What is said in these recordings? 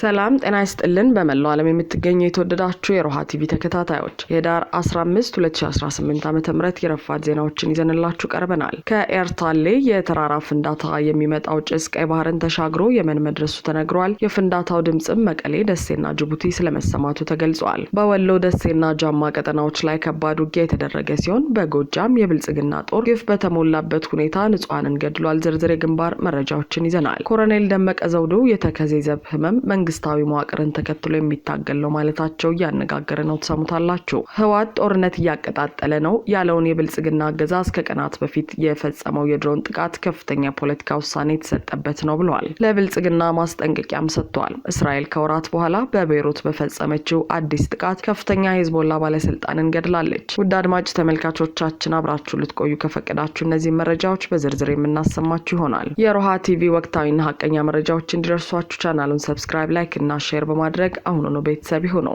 ሰላም ጤና ይስጥልን። በመላው ዓለም የምትገኙ የተወደዳችሁ የሮሃ ቲቪ ተከታታዮች የዳር 15 2018 ዓ ም የረፋድ ዜናዎችን ይዘንላችሁ ቀርበናል። ከኤርታሌ የተራራ ፍንዳታ የሚመጣው ጭስ ቀይ ባህርን ተሻግሮ የመን መድረሱ ተነግሯል። የፍንዳታው ድምፅም መቀሌ፣ ደሴና ጅቡቲ ስለመሰማቱ ተገልጿል። በወሎ ደሴና ጃማ ቀጠናዎች ላይ ከባድ ውጊያ የተደረገ ሲሆን በጎጃም የብልጽግና ጦር ግፍ በተሞላበት ሁኔታ ንጹሐንን ገድሏል። ዝርዝር የግንባር መረጃዎችን ይዘናል። ኮሎኔል ደመቀ ዘውዱ የተከዜ ዘብ ህመም መንግስታዊ መዋቅርን ተከትሎ የሚታገል ነው ማለታቸው እያነጋገረ ነው። ትሰሙታላችሁ። ህወሓት ጦርነት እያቀጣጠለ ነው ያለውን የብልጽግና አገዛዝ ከቀናት በፊት የፈጸመው የድሮን ጥቃት ከፍተኛ የፖለቲካ ውሳኔ የተሰጠበት ነው ብለዋል። ለብልጽግና ማስጠንቀቂያም ሰጥቷል። እስራኤል ከወራት በኋላ በቤይሩት በፈጸመችው አዲስ ጥቃት ከፍተኛ የሂዝቦላ ባለስልጣንን ገድላለች። ውድ አድማጭ ተመልካቾቻችን አብራችሁ ልትቆዩ ከፈቀዳችሁ እነዚህ መረጃዎች በዝርዝር የምናሰማችሁ ይሆናል። የሮሃ ቲቪ ወቅታዊና ሀቀኛ መረጃዎች እንዲደርሷችሁ ቻናሉን ሰብስክራይብ ላይክ እና ሼር በማድረግ አሁኑኑ ቤተሰብ ይሁኑ።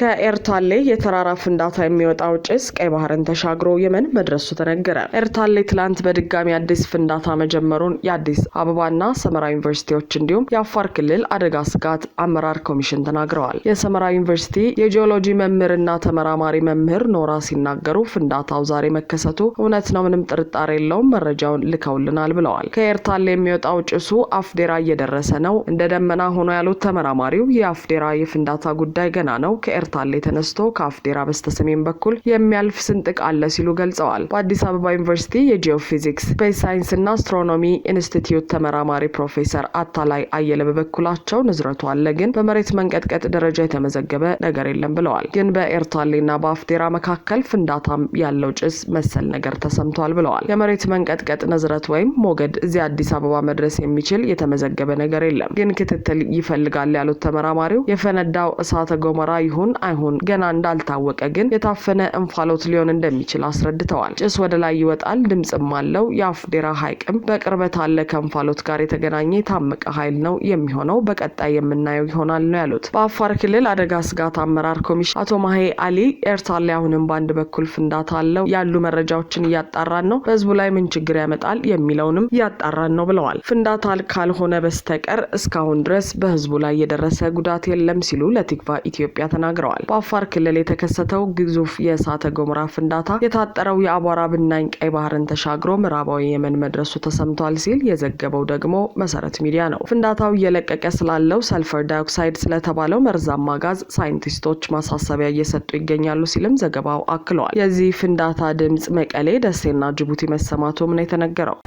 ከኤርታሌ የተራራ ፍንዳታ የሚወጣው ጭስ ቀይ ባህርን ተሻግሮ የመን መድረሱ ተነገረ። ኤርታሌ ትላንት በድጋሚ አዲስ ፍንዳታ መጀመሩን የአዲስ አበባና ሰመራ ዩኒቨርሲቲዎች እንዲሁም የአፋር ክልል አደጋ ስጋት አመራር ኮሚሽን ተናግረዋል። የሰመራ ዩኒቨርሲቲ የጂኦሎጂ መምህርና ተመራማሪ መምህር ኖራ ሲናገሩ ፍንዳታው ዛሬ መከሰቱ እውነት ነው፣ ምንም ጥርጣሬ የለውም፣ መረጃውን ልከውልናል ብለዋል። ከኤርታሌ የሚወጣው ጭሱ አፍዴራ እየደረሰ ነው እንደ ደመና ሆኖ ያሉት ተመራማሪው የአፍዴራ የፍንዳታ ጉዳይ ገና ነው ኤርታሌ ተነስቶ ከአፍዴራ በስተሰሜን በኩል የሚያልፍ ስንጥቅ አለ ሲሉ ገልጸዋል። በአዲስ አበባ ዩኒቨርሲቲ የጂኦፊዚክስ ስፔስ ሳይንስና አስትሮኖሚ ኢንስቲትዩት ተመራማሪ ፕሮፌሰር አታላይ አየለ በበኩላቸው ንዝረቱ አለ፣ ግን በመሬት መንቀጥቀጥ ደረጃ የተመዘገበ ነገር የለም ብለዋል። ግን በኤርታሌና በአፍዴራ መካከል ፍንዳታም ያለው ጭስ መሰል ነገር ተሰምቷል ብለዋል። የመሬት መንቀጥቀጥ ንዝረት ወይም ሞገድ እዚህ አዲስ አበባ መድረስ የሚችል የተመዘገበ ነገር የለም፣ ግን ክትትል ይፈልጋል ያሉት ተመራማሪው የፈነዳው እሳተ ገሞራ ይሁን ይሁን አይሁን ገና እንዳልታወቀ ግን የታፈነ እንፋሎት ሊሆን እንደሚችል አስረድተዋል። ጭስ ወደ ላይ ይወጣል፣ ድምፅም አለው። የአፍዴራ ሐይቅም በቅርበት አለ። ከእንፋሎት ጋር የተገናኘ የታመቀ ኃይል ነው የሚሆነው በቀጣይ የምናየው ይሆናል ነው ያሉት። በአፋር ክልል አደጋ ስጋት አመራር ኮሚሽን አቶ ማሄ አሊ ኤርታሌ አሁንም በአንድ በኩል ፍንዳታ አለው ያሉ መረጃዎችን እያጣራን ነው፣ በህዝቡ ላይ ምን ችግር ያመጣል የሚለውንም እያጣራን ነው ብለዋል። ፍንዳታ ካልሆነ በስተቀር እስካሁን ድረስ በህዝቡ ላይ የደረሰ ጉዳት የለም ሲሉ ለቲክቫ ኢትዮጵያ ተናግረዋል። ተናግረዋል። በአፋር ክልል የተከሰተው ግዙፍ የእሳተ ገሞራ ፍንዳታ የታጠረው የአቧራ ብናኝ ቀይ ባህርን ተሻግሮ ምዕራባዊ የመን መድረሱ ተሰምቷል ሲል የዘገበው ደግሞ መሰረት ሚዲያ ነው። ፍንዳታው እየለቀቀ ስላለው ሰልፈር ዳይኦክሳይድ ስለተባለው መርዛማ ጋዝ ሳይንቲስቶች ማሳሰቢያ እየሰጡ ይገኛሉ ሲልም ዘገባው አክለዋል። የዚህ ፍንዳታ ድምጽ መቀሌ፣ ደሴና ጅቡቲ መሰማቱም ነው የተነገረው።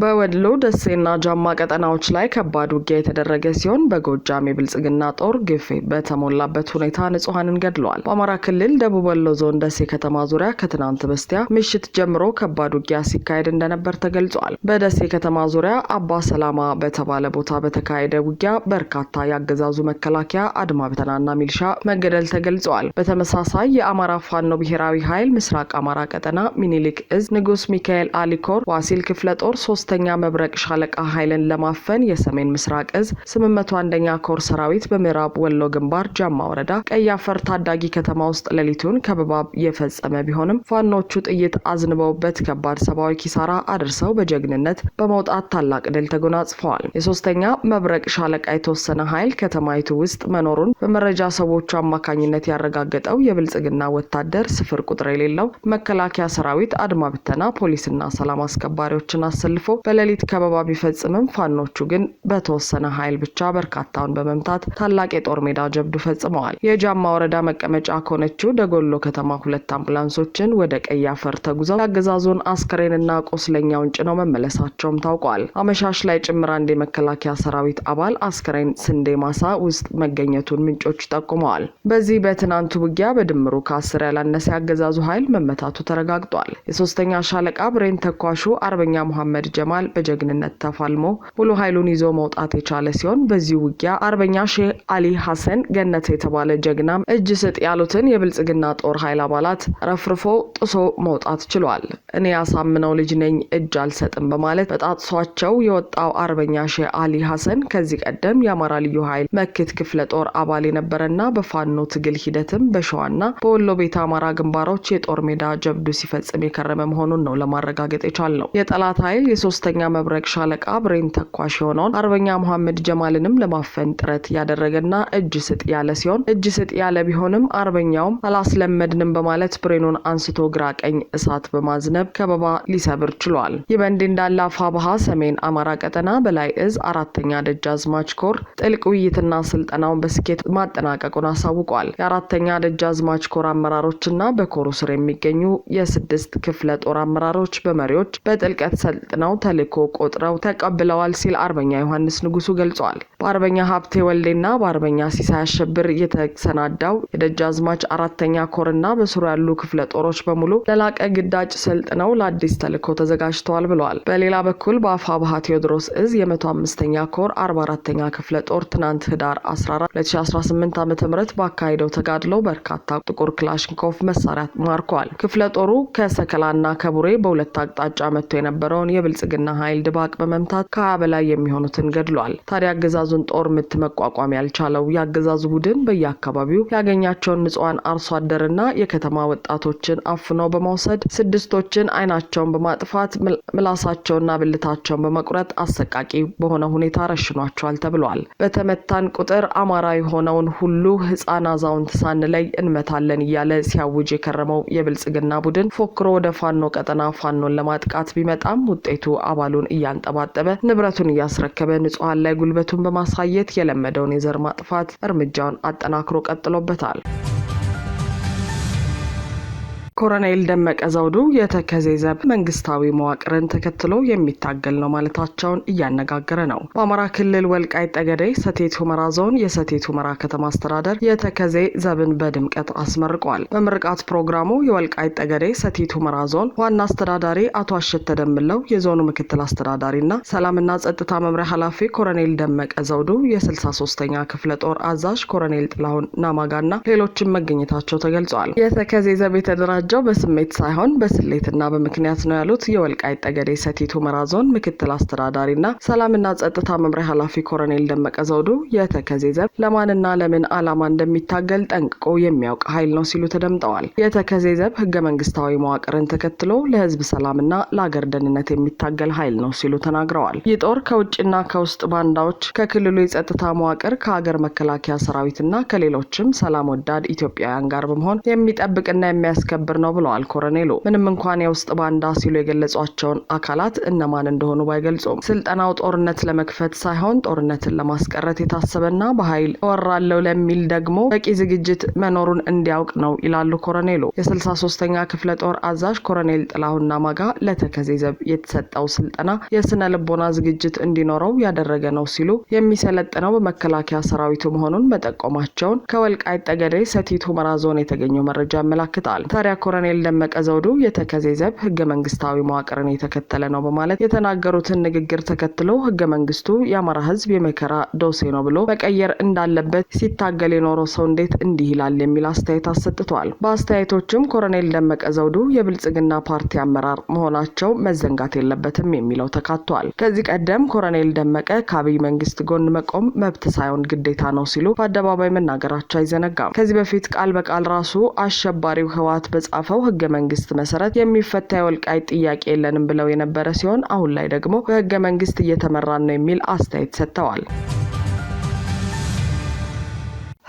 በወሎ ደሴና ጃማ ቀጠናዎች ላይ ከባድ ውጊያ የተደረገ ሲሆን በጎጃም የብልጽግና ጦር ግፍ በተሞላበት ሁኔታ ንጹሐንን ገድለዋል። በአማራ ክልል ደቡብ ወሎ ዞን ደሴ ከተማ ዙሪያ ከትናንት በስቲያ ምሽት ጀምሮ ከባድ ውጊያ ሲካሄድ እንደነበር ተገልጿል። በደሴ ከተማ ዙሪያ አባ ሰላማ በተባለ ቦታ በተካሄደ ውጊያ በርካታ የአገዛዙ መከላከያ አድማ ብተናና ሚልሻ መገደል ተገልጿል። በተመሳሳይ የአማራ ፋኖ ብሔራዊ ኃይል ምስራቅ አማራ ቀጠና ሚኒሊክ እዝ ንጉስ ሚካኤል አሊኮር ዋሲል ክፍለ ጦር ሶስት ሶስተኛ መብረቅ ሻለቃ ኃይልን ለማፈን የሰሜን ምስራቅ እዝ ስምንት አንደኛ ኮር ሰራዊት በምዕራብ ወሎ ግንባር ጃማ ወረዳ ቀይ አፈር ታዳጊ ከተማ ውስጥ ሌሊቱን ከበባ የፈጸመ ቢሆንም ፋኖቹ ጥይት አዝንበውበት ከባድ ሰብአዊ ኪሳራ አድርሰው በጀግንነት በመውጣት ታላቅ ድል ተጎናጽፈዋል። የሶስተኛ መብረቅ ሻለቃ የተወሰነ ኃይል ከተማይቱ ውስጥ መኖሩን በመረጃ ሰዎቹ አማካኝነት ያረጋገጠው የብልጽግና ወታደር ስፍር ቁጥር የሌለው መከላከያ ሰራዊት አድማ ብተና ፖሊስና ሰላም አስከባሪዎችን አሰልፎ አልፎ በሌሊት ከበባ ቢፈጽምም ፋኖቹ ግን በተወሰነ ኃይል ብቻ በርካታውን በመምታት ታላቅ የጦር ሜዳ ጀብዱ ፈጽመዋል። የጃማ ወረዳ መቀመጫ ከሆነችው ደጎሎ ከተማ ሁለት አምቡላንሶችን ወደ ቀይ አፈር ተጉዘው የአገዛዙን አስከሬንና ቆስለኛውን ጭነው መመለሳቸውም ታውቋል። አመሻሽ ላይ ጭምር አንድ የመከላከያ ሰራዊት አባል አስከሬን ስንዴ ማሳ ውስጥ መገኘቱን ምንጮች ጠቁመዋል። በዚህ በትናንቱ ውጊያ በድምሩ ከአስር ያላነሰ የአገዛዙ ኃይል መመታቱ ተረጋግጧል። የሶስተኛ ሻለቃ ብሬን ተኳሹ አርበኛ መሐመድ ጀ ጀማል በጀግንነት ተፋልሞ ሙሉ ኃይሉን ይዞ መውጣት የቻለ ሲሆን በዚህ ውጊያ አርበኛ ሼህ አሊ ሐሰን ገነት የተባለ ጀግናም እጅ ስጥ ያሉትን የብልጽግና ጦር ኃይል አባላት ረፍርፎ ጥሶ መውጣት ችሏል። እኔ ያሳምነው ልጅ ነኝ እጅ አልሰጥም በማለት በጣጥሷቸው የወጣው አርበኛ ሼህ አሊ ሐሰን ከዚህ ቀደም የአማራ ልዩ ኃይል መክት ክፍለ ጦር አባል የነበረና በፋኖ ትግል ሂደትም በሸዋና በወሎ ቤተ አማራ ግንባሮች የጦር ሜዳ ጀብዱ ሲፈጽም የከረመ መሆኑን ነው ለማረጋገጥ ነው። የጠላት ኃይል ሶስተኛ መብረቅ ሻለቃ ብሬን ተኳሽ የሆነውን አርበኛ መሐመድ ጀማልንም ለማፈን ጥረት ያደረገና እጅ ስጥ ያለ ሲሆን እጅ ስጥ ያለ ቢሆንም አርበኛውም አላስለመድንም በማለት ብሬኑን አንስቶ ግራ ቀኝ እሳት በማዝነብ ከበባ ሊሰብር ችሏል። ይህ በእንዲህ እንዳለ አፋብሃ ሰሜን አማራ ቀጠና በላይ እዝ አራተኛ ደጃዝማች ኮር ጥልቅ ውይይትና ስልጠናውን በስኬት ማጠናቀቁን አሳውቋል። የአራተኛ ደጃዝማች ኮር አመራሮችና በኮሩ ስር የሚገኙ የስድስት ክፍለ ጦር አመራሮች በመሪዎች በጥልቀት ሰልጥነው ተልዕኮ ቆጥረው ተቀብለዋል ሲል አርበኛ ዮሐንስ ንጉሱ ገልጿል። በአርበኛ ሀብቴ ወልዴና በአርበኛ ሲሳይ አሸብር የተሰናዳው የደጃዝማች አራተኛ ኮርና በስሩ ያሉ ክፍለ ጦሮች በሙሉ ለላቀ ግዳጅ ሰልጥነው ለአዲስ ተልኮ ተዘጋጅተዋል ብለዋል። በሌላ በኩል በአፋ ባህ ቴዎድሮስ እዝ የመቶ አምስተኛ ኮር አርባ አራተኛ ክፍለ ጦር ትናንት ህዳር 14 2018 ዓ ም ባካሄደው ተጋድሎ በርካታ ጥቁር ክላሽንኮቭ መሳሪያ ማርከዋል። ክፍለ ጦሩ ከሰከላና ከቡሬ በሁለት አቅጣጫ መጥቶ የነበረውን የብልጽግ የብልጽግና ኃይል ድባቅ በመምታት ከሀያ በላይ የሚሆኑትን ገድሏል። ታዲያ አገዛዙን ጦር ምት መቋቋም ያልቻለው የአገዛዙ ቡድን በየአካባቢው ያገኛቸውን ንጹሐን አርሶ አደርና የከተማ ወጣቶችን አፍኖ በመውሰድ ስድስቶችን አይናቸውን በማጥፋት ምላሳቸውና ብልታቸውን በመቁረጥ አሰቃቂ በሆነ ሁኔታ ረሽኗቸዋል ተብሏል። በተመታን ቁጥር አማራ የሆነውን ሁሉ ህፃን አዛውንት ሳንለይ እንመታለን እያለ ሲያውጅ የከረመው የብልጽግና ቡድን ፎክሮ ወደ ፋኖ ቀጠና ፋኖን ለማጥቃት ቢመጣም ውጤቱ አባሉን እያንጠባጠበ ንብረቱን እያስረከበ ንጹሐን ላይ ጉልበቱን በማሳየት የለመደውን የዘር ማጥፋት እርምጃውን አጠናክሮ ቀጥሎበታል። ኮሎኔል ደመቀ ዘውዱ የተከዜ ዘብ መንግስታዊ መዋቅርን ተከትሎ የሚታገል ነው ማለታቸውን እያነጋገረ ነው። በአማራ ክልል ወልቃይ ጠገዴ ሰቴት ሁመራ ዞን የሰቴት ሁመራ ከተማ አስተዳደር የተከዜ ዘብን በድምቀት አስመርቋል። በምርቃት ፕሮግራሙ የወልቃይ ጠገዴ ሰቴት ሁመራ ዞን ዋና አስተዳዳሪ አቶ አሸት ተደምለው፣ የዞኑ ምክትል አስተዳዳሪና ሰላምና ጸጥታ መምሪያ ኃላፊ ኮሎኔል ደመቀ ዘውዱ፣ የ63ኛ ክፍለ ጦር አዛዥ ኮሎኔል ጥላሁን ናማጋና ሌሎችም መገኘታቸው ተገልጿል። የተከዜ ዘብ የተደራጀ እርምጃው በስሜት ሳይሆን በስሌትና በምክንያት ነው ያሉት የወልቃይት ጠገዴ ሰቲት ሁመራ ዞን ምክትል አስተዳዳሪና ሰላምና ጸጥታ መምሪያ ኃላፊ ኮሎኔል ደመቀ ዘውዱ የተከዜ ዘብ ለማንና ለምን ዓላማ እንደሚታገል ጠንቅቆ የሚያውቅ ኃይል ነው ሲሉ ተደምጠዋል። የተከዜ ዘብ ህገ መንግስታዊ መዋቅርን ተከትሎ ለህዝብ ሰላምና ለአገር ደህንነት የሚታገል ኃይል ነው ሲሉ ተናግረዋል። ይህ ጦር ከውጭና ከውስጥ ባንዳዎች፣ ከክልሉ የጸጥታ መዋቅር፣ ከሀገር መከላከያ ሰራዊትና ከሌሎችም ሰላም ወዳድ ኢትዮጵያውያን ጋር በመሆን የሚጠብቅና የሚያስከብር ትብብር ነው ብለዋል ኮሎኔሉ። ምንም እንኳን የውስጥ ባንዳ ሲሉ የገለጿቸውን አካላት እነማን እንደሆኑ ባይገልጹም ስልጠናው ጦርነት ለመክፈት ሳይሆን ጦርነትን ለማስቀረት የታሰበና በኃይል እወራለሁ ለሚል ደግሞ በቂ ዝግጅት መኖሩን እንዲያውቅ ነው ይላሉ ኮሎኔሉ። የስልሳ ሶስተኛ ክፍለ ጦር አዛዥ ኮረኔል ጥላሁና ማጋ ለተከዜ ዘብ የተሰጠው ስልጠና የስነ ልቦና ዝግጅት እንዲኖረው ያደረገ ነው ሲሉ የሚሰለጥነው በመከላከያ ሰራዊቱ መሆኑን መጠቆማቸውን ከወልቃይት ጠገዴ ሰቲት ሁመራ ዞን የተገኘው መረጃ ያመላክታል። ታዲያ ኮሎኔል ደመቀ ዘውዱ የተከዜ ዘብ ህገ መንግስታዊ መዋቅርን የተከተለ ነው በማለት የተናገሩትን ንግግር ተከትሎ ህገ መንግስቱ የአማራ ህዝብ የመከራ ዶሴ ነው ብሎ መቀየር እንዳለበት ሲታገል የኖረው ሰው እንዴት እንዲህ ይላል የሚል አስተያየት አሰጥቷል። በአስተያየቶችም ኮሎኔል ደመቀ ዘውዱ የብልጽግና ፓርቲ አመራር መሆናቸው መዘንጋት የለበትም የሚለው ተካቷል። ከዚህ ቀደም ኮሎኔል ደመቀ ከአብይ መንግስት ጎን መቆም መብት ሳይሆን ግዴታ ነው ሲሉ በአደባባይ መናገራቸው አይዘነጋም። ከዚህ በፊት ቃል በቃል ራሱ አሸባሪው ህወሓት በ በተጻፈው ህገ መንግስት መሰረት የሚፈታ የወልቃይት ጥያቄ የለንም ብለው የነበረ ሲሆን አሁን ላይ ደግሞ በህገ መንግስት እየተመራን ነው የሚል አስተያየት ሰጥተዋል።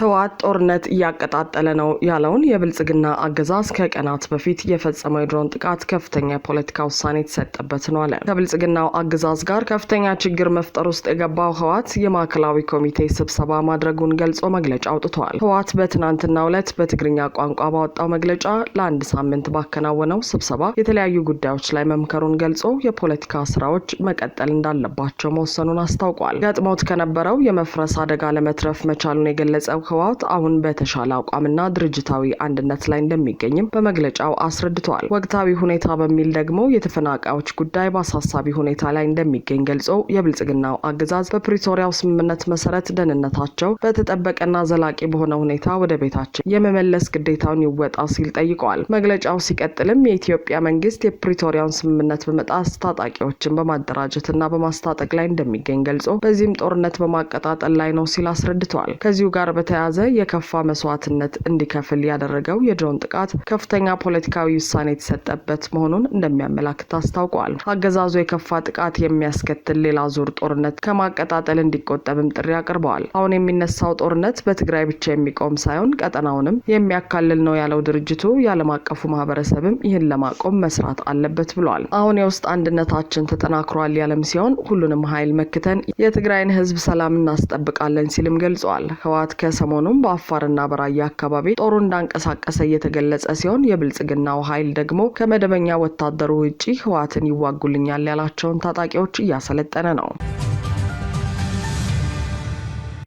ህወሓት ጦርነት እያቀጣጠለ ነው ያለውን የብልጽግና አገዛዝ ከቀናት በፊት የፈጸመው የድሮን ጥቃት ከፍተኛ የፖለቲካ ውሳኔ የተሰጠበት ነው አለ። ከብልጽግናው አገዛዝ ጋር ከፍተኛ ችግር መፍጠር ውስጥ የገባው ህወሓት የማዕከላዊ ኮሚቴ ስብሰባ ማድረጉን ገልጾ መግለጫ አውጥተዋል። ህወሓት በትናንትናው ዕለት በትግርኛ ቋንቋ ባወጣው መግለጫ ለአንድ ሳምንት ባከናወነው ስብሰባ የተለያዩ ጉዳዮች ላይ መምከሩን ገልጾ የፖለቲካ ስራዎች መቀጠል እንዳለባቸው መወሰኑን አስታውቋል። ገጥሞት ከነበረው የመፍረስ አደጋ ለመትረፍ መቻሉን የገለጸው ህወሓት አሁን በተሻለ አቋምና ድርጅታዊ አንድነት ላይ እንደሚገኝም በመግለጫው አስረድተዋል። ወቅታዊ ሁኔታ በሚል ደግሞ የተፈናቃዮች ጉዳይ በአሳሳቢ ሁኔታ ላይ እንደሚገኝ ገልጾ የብልጽግናው አገዛዝ በፕሪቶሪያው ስምምነት መሰረት ደህንነታቸው በተጠበቀና ዘላቂ በሆነ ሁኔታ ወደ ቤታቸው የመመለስ ግዴታውን ይወጣ ሲል ጠይቀዋል። መግለጫው ሲቀጥልም የኢትዮጵያ መንግስት የፕሪቶሪያውን ስምምነት በመጣስ ታጣቂዎችን በማደራጀትና በማስታጠቅ ላይ እንደሚገኝ ገልጾ በዚህም ጦርነት በማቀጣጠል ላይ ነው ሲል አስረድተዋል። ከዚሁ ጋር በተ በተያያዘ የከፋ መስዋዕትነት እንዲከፍል ያደረገው የድሮን ጥቃት ከፍተኛ ፖለቲካዊ ውሳኔ የተሰጠበት መሆኑን እንደሚያመላክት አስታውቋል። አገዛዙ የከፋ ጥቃት የሚያስከትል ሌላ ዙር ጦርነት ከማቀጣጠል እንዲቆጠብም ጥሪ አቅርበዋል። አሁን የሚነሳው ጦርነት በትግራይ ብቻ የሚቆም ሳይሆን ቀጠናውንም የሚያካልል ነው ያለው ድርጅቱ የዓለም አቀፉ ማህበረሰብም ይህን ለማቆም መስራት አለበት ብሏል። አሁን የውስጥ አንድነታችን ተጠናክሯል ያለም ሲሆን ሁሉንም ኃይል መክተን የትግራይን ህዝብ ሰላም እናስጠብቃለን ሲልም ገልጿል። ህወሓት ከሰ ሰሞኑን በአፋርና በራያ አካባቢ ጦሩ እንዳንቀሳቀሰ እየተገለጸ ሲሆን የብልጽግናው ኃይል ደግሞ ከመደበኛ ወታደሩ ውጪ ህወሓትን ይዋጉልኛል ያላቸውን ታጣቂዎች እያሰለጠነ ነው።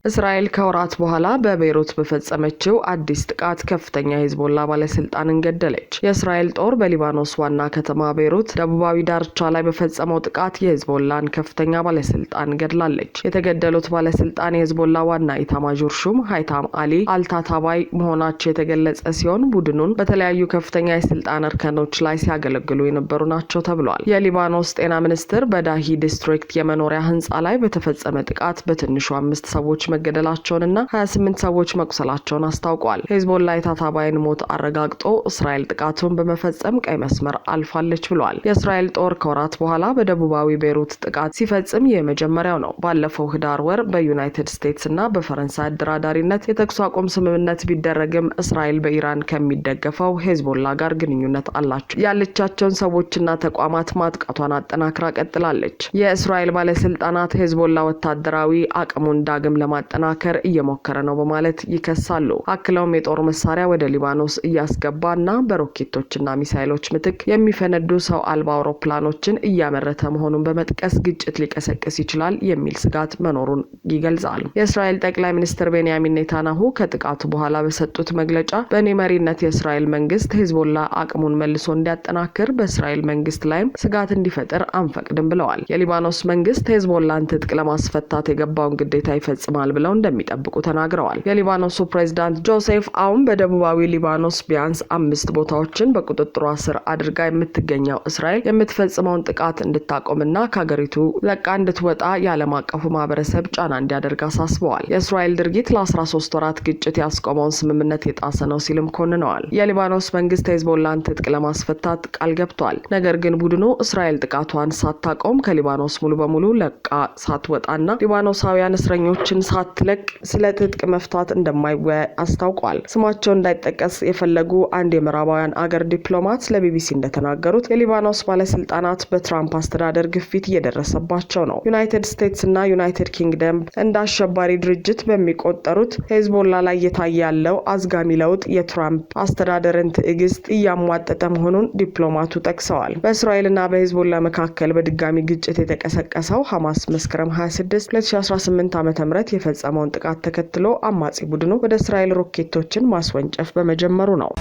እስራኤል ከወራት በኋላ በቤይሩት በፈጸመችው አዲስ ጥቃት ከፍተኛ የሂዝቦላ ባለስልጣንን ገደለች። የእስራኤል ጦር በሊባኖስ ዋና ከተማ ቤይሩት ደቡባዊ ዳርቻ ላይ በፈጸመው ጥቃት የሂዝቦላን ከፍተኛ ባለስልጣን ገድላለች። የተገደሉት ባለስልጣን የሂዝቦላ ዋና ኢታማዦር ሹም ሃይታም አሊ አልታታባይ መሆናቸው የተገለጸ ሲሆን ቡድኑን በተለያዩ ከፍተኛ የስልጣን እርከኖች ላይ ሲያገለግሉ የነበሩ ናቸው ተብሏል። የሊባኖስ ጤና ሚኒስትር በዳሂ ዲስትሪክት የመኖሪያ ህንፃ ላይ በተፈጸመ ጥቃት በትንሹ አምስት ሰዎች መገደላቸውንና 28 ሰዎች መቁሰላቸውን አስታውቋል። ሄዝቦላ የታታባይን ሞት አረጋግጦ እስራኤል ጥቃቱን በመፈጸም ቀይ መስመር አልፋለች ብሏል። የእስራኤል ጦር ከወራት በኋላ በደቡባዊ ቤይሩት ጥቃት ሲፈጽም የመጀመሪያው ነው። ባለፈው ህዳር ወር በዩናይትድ ስቴትስ እና በፈረንሳይ አደራዳሪነት የተኩስ አቁም ስምምነት ቢደረግም እስራኤል በኢራን ከሚደገፈው ሄዝቦላ ጋር ግንኙነት አላቸው ያለቻቸውን ሰዎችና ተቋማት ማጥቃቷን አጠናክራ ቀጥላለች። የእስራኤል ባለስልጣናት ሄዝቦላ ወታደራዊ አቅሙን ዳግም ለማ ለማጠናከር እየሞከረ ነው በማለት ይከሳሉ። አክለውም የጦር መሳሪያ ወደ ሊባኖስ እያስገባ እና በሮኬቶችና ሚሳይሎች ምትክ የሚፈነዱ ሰው አልባ አውሮፕላኖችን እያመረተ መሆኑን በመጥቀስ ግጭት ሊቀሰቅስ ይችላል የሚል ስጋት መኖሩን ይገልጻል። የእስራኤል ጠቅላይ ሚኒስትር ቤንያሚን ኔታናሁ ከጥቃቱ በኋላ በሰጡት መግለጫ በእኔ መሪነት የእስራኤል መንግስት ሂዝቦላ አቅሙን መልሶ እንዲያጠናክር በእስራኤል መንግስት ላይም ስጋት እንዲፈጥር አንፈቅድም ብለዋል። የሊባኖስ መንግስት ሂዝቦላን ትጥቅ ለማስፈታት የገባውን ግዴታ ይፈጽማል ብለው እንደሚጠብቁ ተናግረዋል። የሊባኖሱ ፕሬዚዳንት ጆሴፍ አሁን በደቡባዊ ሊባኖስ ቢያንስ አምስት ቦታዎችን በቁጥጥሯ ስር አድርጋ የምትገኘው እስራኤል የምትፈጽመውን ጥቃት እንድታቆምና ከሀገሪቱ ለቃ እንድትወጣ የዓለም አቀፉ ማህበረሰብ ጫና እንዲያደርግ አሳስበዋል። የእስራኤል ድርጊት ለ13 ወራት ግጭት ያስቆመውን ስምምነት የጣሰ ነው ሲልም ኮንነዋል። የሊባኖስ መንግስት የሂዝቦላን ትጥቅ ለማስፈታት ቃል ገብቷል። ነገር ግን ቡድኑ እስራኤል ጥቃቷን ሳታቆም ከሊባኖስ ሙሉ በሙሉ ለቃ ሳትወጣና ሊባኖሳውያን እስረኞችን ሳትለቅ ስለ ትጥቅ መፍታት እንደማይወያይ አስታውቋል። ስማቸው እንዳይጠቀስ የፈለጉ አንድ የምዕራባውያን አገር ዲፕሎማት ለቢቢሲ እንደተናገሩት የሊባኖስ ባለስልጣናት በትራምፕ አስተዳደር ግፊት እየደረሰባቸው ነው። ዩናይትድ ስቴትስ እና ዩናይትድ ኪንግደም እንደ አሸባሪ ድርጅት በሚቆጠሩት ሄዝቦላ ላይ እየታየ ያለው አዝጋሚ ለውጥ የትራምፕ አስተዳደርን ትዕግስት እያሟጠጠ መሆኑን ዲፕሎማቱ ጠቅሰዋል። በእስራኤልና በሄዝቦላ መካከል በድጋሚ ግጭት የተቀሰቀሰው ሐማስ መስከረም 26 2018 ዓ ም የተፈጸመውን ጥቃት ተከትሎ አማጺ ቡድኑ ወደ እስራኤል ሮኬቶችን ማስወንጨፍ በመጀመሩ ነው።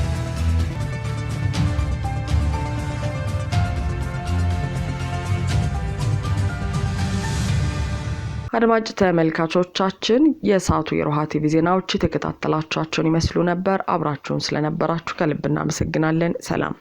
አድማጭ ተመልካቾቻችን የሰዓቱ የሮሃ ቲቪ ዜናዎች የተከታተላችኋቸውን ይመስሉ ነበር። አብራችሁን ስለነበራችሁ ከልብ እናመሰግናለን። ሰላም